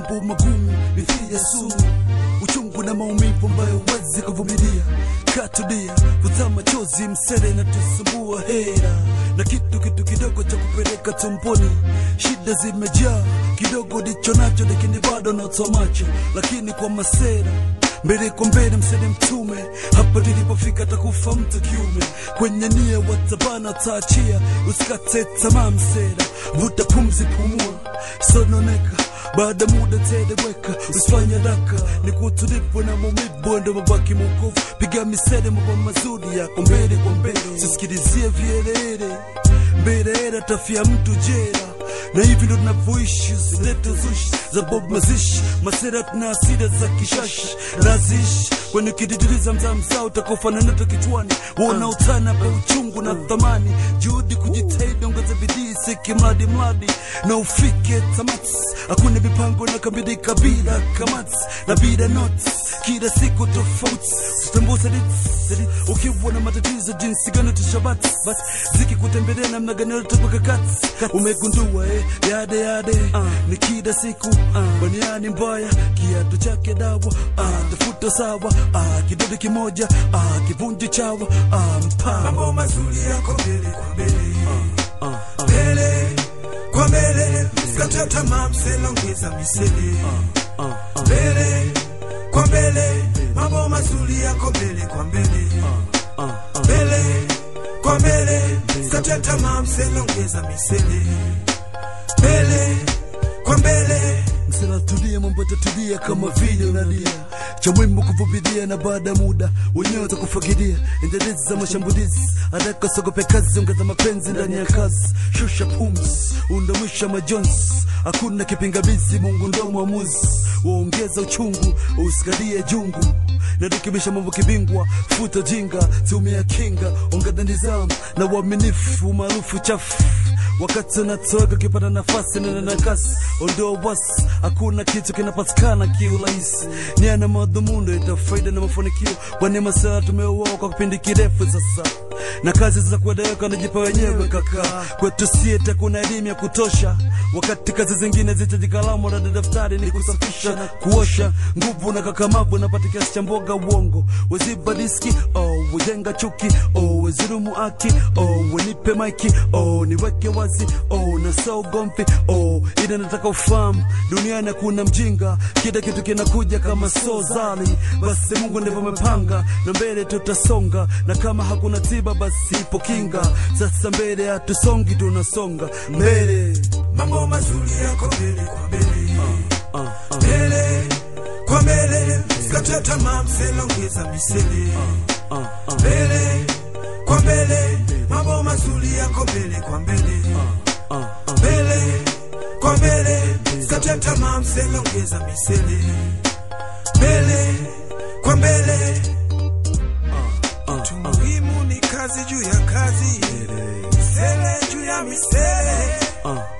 mambo magumu mithili ya sumu, uchungu na maumivu ambayo huwezi kuvumilia. Katulia, vuta machozi, msere na tusumbua hera na kitu kitu kidogo cha kupeleka tumboni. Shida zimejaa, kidogo ndicho nacho, lakini bado nasomacho, lakini kwa masera mbele kwa mbele, msele mtume hapa nilipofika, takufa mtu kiume, kwenye nia watabana, taachia, usikate tamaa vuta pumzi, pumua, sononeka baada muda tedeweka usifanya raka ni kutulipo na mumibu ndo mabaki mukovu piga misere maba mazuri yako mbele kwa mbele sisikilizie vielele mbelehera tafia mtu jera na hivi ndo tunavyoishi zilete zushi za bob mazishi masera tuna asira za kishashi nazishi kwenye kididiliza mzamsaa utakofananata kichwani wona utana pa uchungu na thamani juhudi muziki mradi mradi na ufike tamati. Hakuna mipango na kamilika kabila kamati na bida noti, kila siku tofauti tutambuza ukiwa na matatizo jinsi gani utashabati basi ziki kutembelea namna gani utapaka kati umegundua eh, yade yade uh, ni kila siku uh, ah. baniani mbaya kiatu chake dawa uh, tafuta sawa uh, kidodo kimoja uh, kivunji chawa uh, mpaa mambo mazuri yako mbele kwa mbele uh, uh mbele kwa mbele msikate tamaa msema misele mbele kwa mbele mambo mazuri yako mbele kwa mbele mbele kwa mbele msikate tamaa misele mbele kwa mbele hasira tulie, mambo tatulia kama vile unalia cha mwimbo kuvumilia, na baada muda wenyewe utakufagilia. Endelezo za mashambulizi, haraka sogope kazi, ongeza mapenzi ndani ya kazi, shusha pumzi, undamisha majonzi, hakuna kipingamizi. Mungu ndo mwamuzi, waongeza uchungu, usikalie jungu narekebisha mambo kibingwa, futa jinga, tumia kinga, ongeza nizamu na uaminifu, maarufu chafu wakati natoka kipata nafasi nene na kasi ondoa wasi, hakuna kitu kinapatikana kiurahisi. Ni ana madhumuni ita faida na mafanikio. Kwa neema saa kwa kipindi kirefu sasa, na kazi za kueleweka najipa wenyewe kaka. Kwetu sieta kuna elimu ya kutosha, wakati kazi zingine zitaji kalamu na daftari, ni kusafisha na kuosha. Nguvu na kakamavu napata kiasi cha mboga uongo, weziba diski oh, ujenga chuki oh, wezirumu aki oh, wenipe maiki oh, niweke wazi wazi oh, na so gomfi oh, ina nataka ufahamu duniani kuna mjinga, kila kitu kinakuja kama so zali. Basi Mungu ndivyo amepanga, na mbele tutasonga, na kama hakuna tiba basi ipo kinga. Sasa mbele hatusongi, tunasonga mbele, mambo mazuri yako mbele kwa mbele uh, uh, uh. mbele kwa mbele, sikata tamaa, mselongeza misele mbele kwa mbele mazuri yako mbele kwa mbele ah, ah, ah. mbele kwa mbele kata ongeza misele mbele kwa mbele muhimu ni kazi juu ya kazi misele juu ya misele uh.